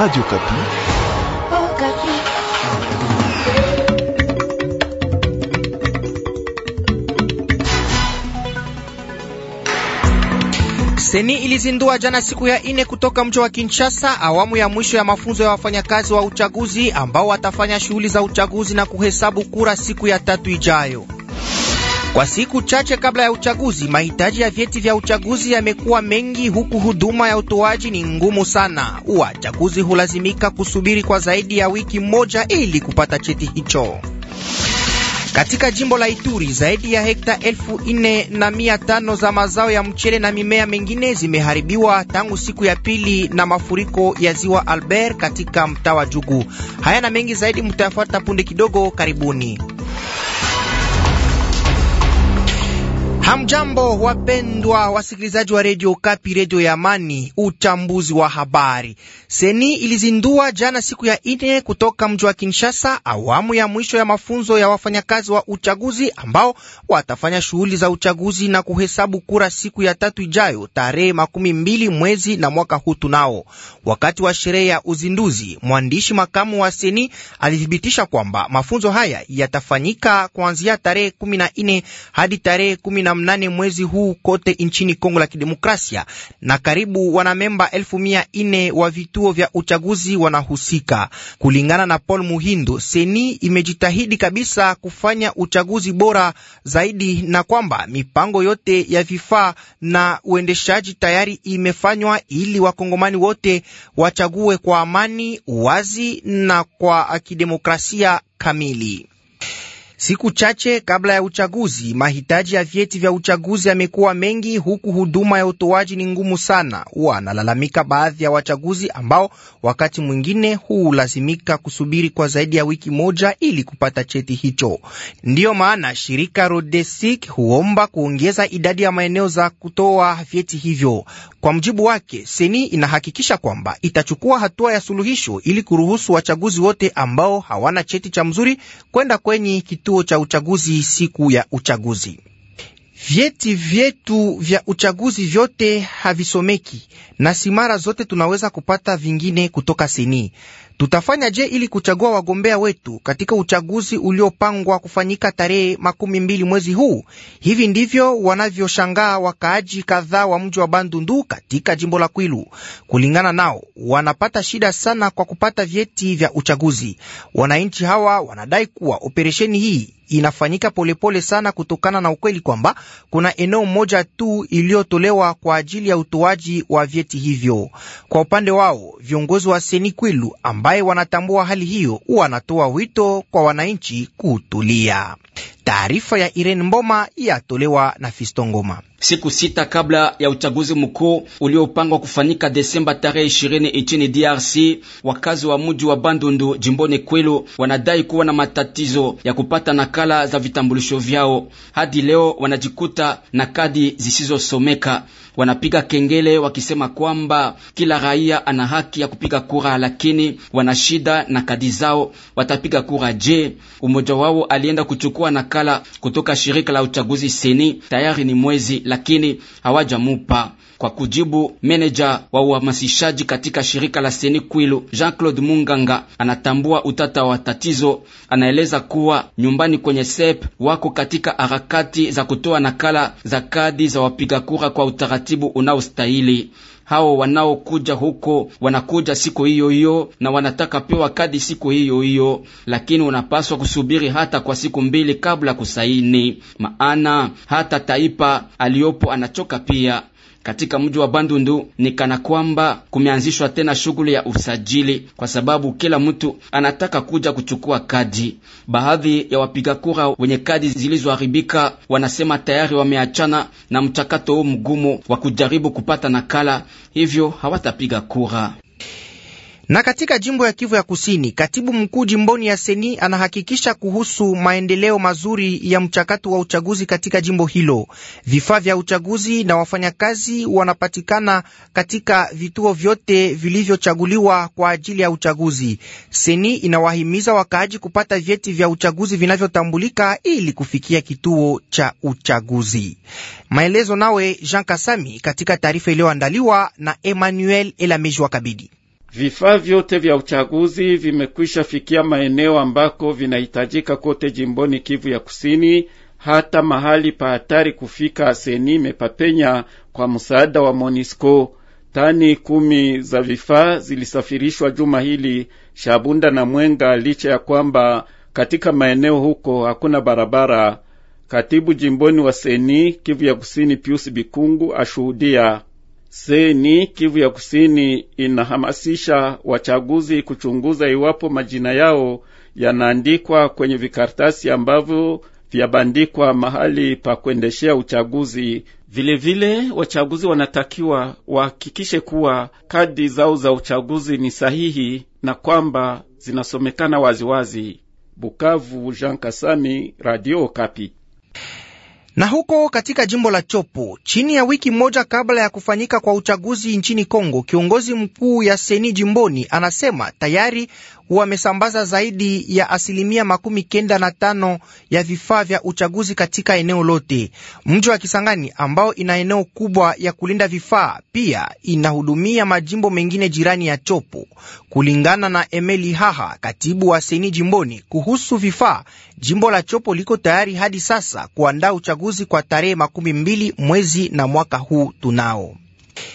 Radio Kapi. Oh, Kapi. Seni ilizindua jana siku ya ine kutoka mji wa Kinshasa awamu ya mwisho ya mafunzo ya wafanyakazi wa uchaguzi ambao watafanya shughuli za uchaguzi na kuhesabu kura siku ya tatu ijayo. Kwa siku chache kabla ya uchaguzi, mahitaji ya vyeti vya uchaguzi yamekuwa mengi, huku huduma ya utoaji ni ngumu sana. Wachaguzi hulazimika kusubiri kwa zaidi ya wiki moja ili kupata cheti hicho. Katika jimbo la Ituri zaidi ya hekta elfu nne na mia tano za mazao ya mchele na mimea mengine zimeharibiwa tangu siku ya pili na mafuriko ya ziwa Albert katika mtaa wa Jugu. Haya na mengi zaidi mtayafuata punde kidogo. Karibuni. Hamjambo, wapendwa wasikilizaji wa redio Kapi, redio ya Amani. Uchambuzi wa habari. Seni ilizindua jana siku ya ine kutoka mji wa Kinshasa awamu ya mwisho ya mafunzo ya wafanyakazi wa uchaguzi ambao watafanya shughuli za uchaguzi na kuhesabu kura siku ya tatu ijayo tarehe makumi mbili mwezi na mwaka huu tunao. Wakati wa sherehe ya uzinduzi, mwandishi makamu wa Seni alithibitisha kwamba mafunzo haya yatafanyika kuanzia tarehe kumi na ine hadi tarehe kumi na mnane mwezi huu kote nchini Kongo la Kidemokrasia, na karibu wanamemba elfu mia ine wa vituo vya uchaguzi wanahusika. Kulingana na Paul Muhindo, Seni imejitahidi kabisa kufanya uchaguzi bora zaidi na kwamba mipango yote ya vifaa na uendeshaji tayari imefanywa ili wakongomani wote wachague kwa amani, uwazi na kwa kidemokrasia kamili. Siku chache kabla ya uchaguzi, mahitaji ya vyeti vya uchaguzi yamekuwa mengi, huku huduma ya utoaji ni ngumu sana. Huwa analalamika baadhi ya wachaguzi ambao wakati mwingine hulazimika kusubiri kwa zaidi ya wiki moja ili kupata cheti hicho. Ndiyo maana shirika Rodesic huomba kuongeza idadi ya maeneo za kutoa vyeti hivyo. Kwa mjibu wake, Seni inahakikisha kwamba itachukua hatua ya suluhisho ili kuruhusu wachaguzi wote ambao hawana cheti cha mzuri kwenda kwenye kitu kituo cha uchaguzi siku ya uchaguzi. Vyeti vyetu vya uchaguzi vyote havisomeki na simara zote tunaweza kupata vingine kutoka seni. Tutafanya je ili kuchagua wagombea wetu katika uchaguzi uliopangwa kufanyika tarehe makumi mbili mwezi huu? Hivi ndivyo wanavyoshangaa wakaaji kadhaa wa mji wa Bandundu katika jimbo la Kwilu. Kulingana nao, wanapata shida sana kwa kupata vyeti vya uchaguzi. Wananchi hawa wanadai kuwa operesheni hii inafanyika polepole pole sana kutokana na ukweli kwamba kuna eneo moja tu iliyotolewa kwa ajili ya utoaji wa vyeti hivyo. Kwa upande wao viongozi wa Seni Kwilu amba ambaye wanatambua hali hiyo wanatoa wito kwa wananchi kutulia. Taarifa ya Irene Mboma yatolewa na Fisto Ngoma. Siku sita kabla ya uchaguzi mkuu uliopangwa kufanyika Desemba tarehe ishirini nchini DRC, wakazi wa muji wa Bandundu jimboni Kwilu wanadai kuwa na matatizo ya kupata nakala za vitambulisho vyao. Hadi leo wanajikuta na kadi zisizosomeka. Wanapiga kengele wakisema kwamba kila raia ana haki ya kupiga kura, lakini wana shida na kadi zao. Watapiga kura je? Umoja wao alienda kuchukua na nakala kutoka shirika la uchaguzi seni tayari ni mwezi, lakini hawajamupa. Kwa kujibu, meneja wa uhamasishaji katika shirika la seni Kwilu, Jean-Claude Munganga, anatambua utata wa tatizo. Anaeleza kuwa nyumbani kwenye SEP wako katika harakati za kutoa nakala za kadi za wapiga kura kwa utaratibu unaostahili hao wanaokuja huko wanakuja siku hiyo hiyo na wanataka pewa kadi siku hiyo hiyo, lakini unapaswa kusubiri hata kwa siku mbili kabla kusaini, maana hata taifa aliyopo anachoka pia katika mji wa Bandundu ni kana kwamba kumeanzishwa tena shughuli ya usajili, kwa sababu kila mtu anataka kuja kuchukua kadi. Baadhi ya wapiga kura wenye kadi zilizoharibika wanasema tayari wameachana na mchakato huu mgumu wa kujaribu kupata nakala, hivyo hawatapiga kura. Na katika jimbo ya Kivu ya Kusini, katibu mkuu jimboni ya Seni anahakikisha kuhusu maendeleo mazuri ya mchakato wa uchaguzi katika jimbo hilo. Vifaa vya uchaguzi na wafanyakazi wanapatikana katika vituo vyote vilivyochaguliwa kwa ajili ya uchaguzi. Seni inawahimiza wakaaji kupata vyeti vya uchaguzi vinavyotambulika ili kufikia kituo cha uchaguzi. Maelezo nawe Jean Kasami katika taarifa iliyoandaliwa na Emmanuel Elamejwa Kabidi. Vifaa vyote vya uchaguzi vimekwisha fikia maeneo ambako vinahitajika kote jimboni Kivu ya Kusini, hata mahali pa hatari kufika. Seni mepapenya kwa msaada wa Monisco. Tani kumi za vifaa zilisafirishwa juma hili Shabunda na Mwenga, licha ya kwamba katika maeneo huko hakuna barabara. Katibu jimboni wa Seni Kivu ya Kusini, Pius Bikungu ashuhudia Seni Kivu ya Kusini inahamasisha wachaguzi kuchunguza iwapo majina yao yanaandikwa kwenye vikaratasi ambavyo vyabandikwa mahali pa kuendeshea uchaguzi. Vilevile vile, wachaguzi wanatakiwa wahakikishe kuwa kadi zao za uchaguzi ni sahihi na kwamba zinasomekana waziwazi. Bukavu, Jean Kasami, Radio Kapi. Na huko katika jimbo la Chopo, chini ya wiki moja kabla ya kufanyika kwa uchaguzi nchini Kongo, kiongozi mkuu ya seni jimboni anasema tayari wamesambaza zaidi ya asilimia makumi kenda na tano ya vifaa vya uchaguzi katika eneo lote. Mji wa Kisangani ambao ina eneo kubwa ya kulinda vifaa pia inahudumia majimbo mengine jirani ya Chopo. Kulingana na Emeli Haha, katibu wa seni jimboni, kuhusu vifaa, jimbo la Chopo liko tayari hadi sasa kuandaa uchaguzi uchaguzi kwa tarehe makumi mbili mwezi na mwaka huu tunao.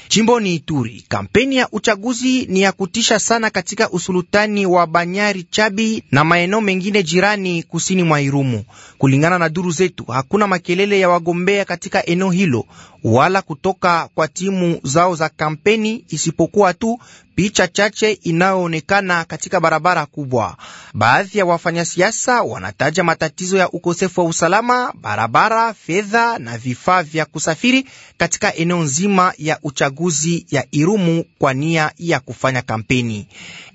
Jimboni Ituri, kampeni ya uchaguzi ni ya kutisha sana katika usulutani wa Banyari Chabi na maeneo mengine jirani kusini mwa Irumu. Kulingana na duru zetu, hakuna makelele ya wagombea katika eneo hilo, wala kutoka kwa timu zao za kampeni, isipokuwa tu picha chache inayoonekana katika barabara kubwa. Baadhi ya wafanyasiasa wanataja matatizo ya ukosefu wa usalama, barabara, fedha na vifaa vya kusafiri katika eneo nzima ya uchaguzi ya Irumu kwa nia ya kufanya kampeni.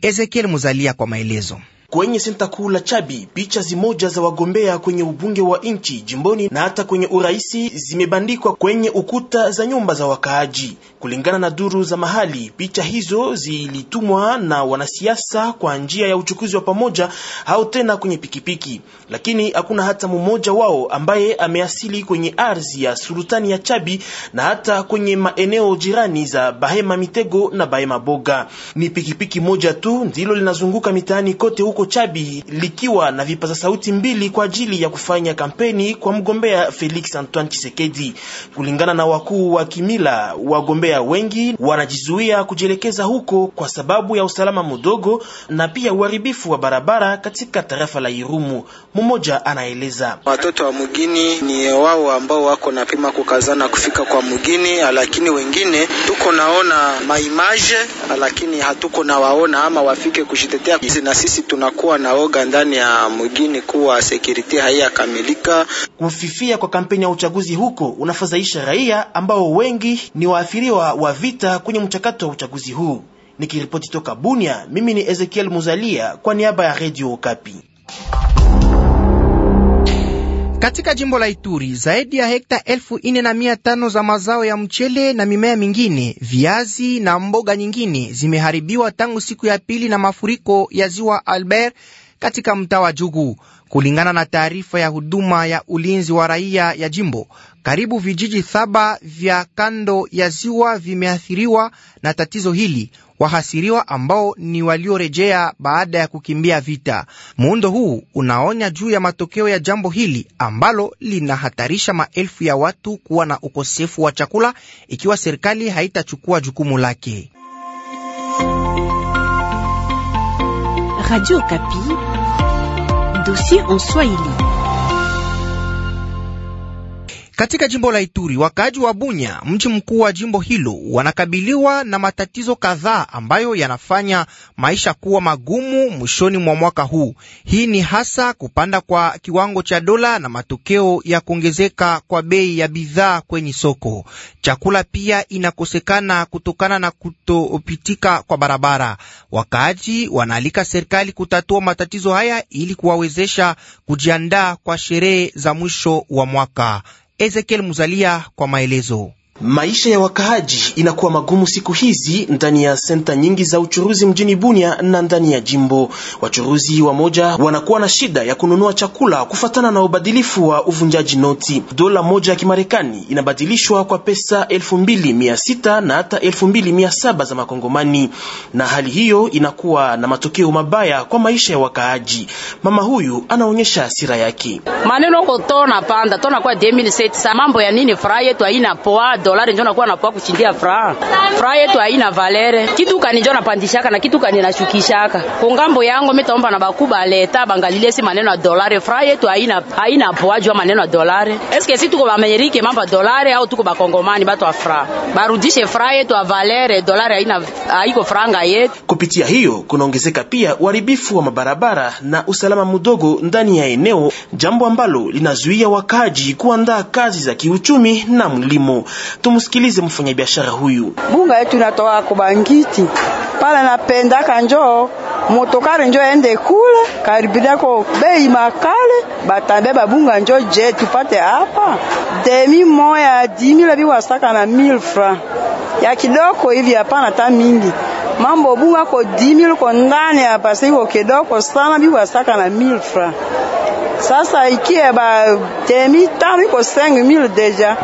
Ezekiel Muzalia kwa maelezo. Kwenye senta kuu la Chabi, picha zimoja za wagombea kwenye ubunge wa nchi jimboni na hata kwenye uraisi zimebandikwa kwenye ukuta za nyumba za wakaaji. Kulingana na duru za mahali, picha hizo zilitumwa na wanasiasa kwa njia ya uchukuzi wa pamoja au tena kwenye pikipiki, lakini hakuna hata mmoja wao ambaye ameasili kwenye ardhi ya sultani ya Chabi na hata kwenye maeneo jirani za Bahema Mitego na Bahema Boga. Ni pikipiki moja tu ndilo linazunguka mitaani kote huko huko Chabi likiwa na vipaza sauti mbili kwa ajili ya kufanya kampeni kwa mgombea Felix Antoine Chisekedi. Kulingana na wakuu wa kimila, wagombea wengi wanajizuia kujielekeza huko kwa sababu ya usalama mdogo na pia uharibifu wa barabara katika tarafa la Irumu. Mmoja anaeleza watoto wa mugini ni wao ambao wako napima kukazana kufika kwa mugini, lakini wengine tuko naona maimaje, lakini hatuko nawaona ama wafike kujitetea, na sisi tuna wanakuwa oga ndani ya mjini kuwa security haiyakamilika. Kufifia kwa kampeni ya uchaguzi huko unafadhaisha raia ambao wengi ni waathiriwa wa vita kwenye mchakato wa uchaguzi huu. Nikiripoti toka Bunia, mimi ni Ezekiel Muzalia kwa niaba ya Radio Okapi. Katika jimbo la Ituri zaidi ya hekta elfu ine na mia tano za mazao ya mchele na mimea mingine, viazi na mboga nyingine zimeharibiwa tangu siku ya pili na mafuriko ya ziwa Albert katika mtaa wa Jugu, kulingana na taarifa ya huduma ya ulinzi wa raia ya jimbo. Karibu vijiji saba vya kando ya ziwa vimeathiriwa na tatizo hili, wahasiriwa ambao ni waliorejea baada ya kukimbia vita. Muundo huu unaonya juu ya matokeo ya jambo hili ambalo linahatarisha maelfu ya watu kuwa na ukosefu wa chakula ikiwa serikali haitachukua jukumu lake. Radio Kapi, dossier en Swahili. Katika jimbo la Ituri, wakaaji wa Bunya, mji mkuu wa jimbo hilo, wanakabiliwa na matatizo kadhaa ambayo yanafanya maisha kuwa magumu mwishoni mwa mwaka huu. Hii ni hasa kupanda kwa kiwango cha dola na matokeo ya kuongezeka kwa bei ya bidhaa kwenye soko. Chakula pia inakosekana kutokana na kutopitika kwa barabara. Wakaaji wanaalika serikali kutatua matatizo haya ili kuwawezesha kujiandaa kwa sherehe za mwisho wa mwaka. Ezekiel Muzalia kwa maelezo. Maisha ya wakaaji inakuwa magumu siku hizi ndani ya senta nyingi za uchuruzi mjini Bunia na ndani ya jimbo. Wachuruzi wamoja wanakuwa na shida ya kununua chakula kufatana na ubadilifu wa uvunjaji noti. Dola moja ya Kimarekani inabadilishwa kwa pesa elfu mbili mia sita na hata elfu mbili mia saba za Makongomani, na hali hiyo inakuwa na matokeo mabaya kwa maisha ya wakaaji. Mama huyu anaonyesha hasira yake. Maneno kotona panda tona kwa 2007 mambo ya nini furaha yetu haina poado dolari njo nakuwa napoa kuchindia furaha. Furaha yetu haina valere, kitu kani njo napandishaka na kitu kani nashukishaka. Kongambo yango mitaomba na bakuba leta bangalile si maneno ya dolari, furaha yetu haina haina poa jua maneno ya dolari. Eske si tuko bamenyerike mamba dolari au tuko bakongomani batu wa furaha? Barudishe furaha yetu ya valere, dolari haina haiko franga yetu. Kupitia hiyo kunaongezeka pia uharibifu wa mabarabara na usalama mdogo ndani ya eneo, jambo ambalo linazuia wakaji kuandaa kazi za kiuchumi na mlimo. Tumsikilize mfanyabiashara huyu. Bunga yetu inatoka kubangiti pale, napendaka njoo motokari njo ende kule nako bei makale batambe babunga njo je tupate hapa demi moya dimi labi wasaka na mil fra ya kidoko hivi, hapana ta mingi mambo bunga ko dimi ko ndani hapa siko kidoko sana, bi wasaka na mil fra sasa ikie ba demi tano iko 5000 deja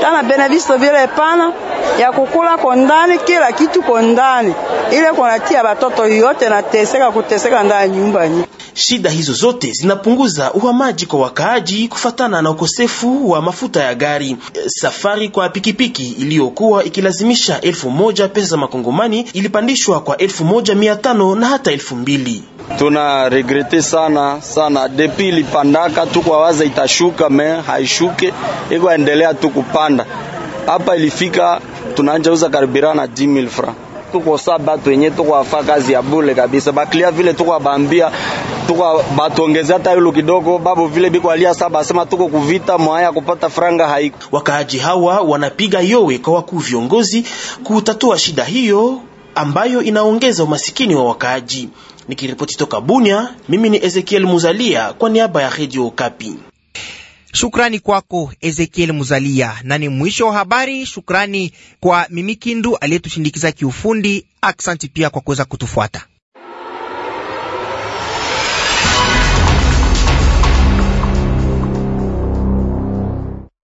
tana benevisto vile pana ya kukula kondani, kila kitu kondani, ile konatia batoto yote nateseka kuteseka ndani nyumba nyingi. Shida hizo zote zinapunguza uhamaji kwa wakaaji kufatana na ukosefu wa mafuta ya gari. Safari kwa pikipiki iliyokuwa ikilazimisha elfu moja pesa za makongomani ilipandishwa kwa elfu moja mia tano na hata elfu mbili. Tuna regrete sana sana, depi ilipandaka tukwawaza itashuka, me haishuke, iko endelea tu kupanda hapa ilifika tunaanza uza karibira na 10000 francs tuko sa batu yenye tuko afa kazi ya bule kabisa, baklia vile tuko abambia tuko batongeza hata hilo kidogo, babu vile biko alia saba asema tuko kuvita mwaya kupata franga haiko. Wakaaji hawa wanapiga yowe kwa wakuu viongozi kutatua shida hiyo ambayo inaongeza umasikini wa wakaaji. Nikiripoti toka Bunia, mimi ni Ezekiel Muzalia kwa niaba ya Radio Okapi. Shukrani kwako Ezekiel Muzalia, na ni mwisho wa habari. Shukrani kwa Mimikindu aliyetushindikiza kiufundi. Aksanti pia kwa kuweza kutufuata.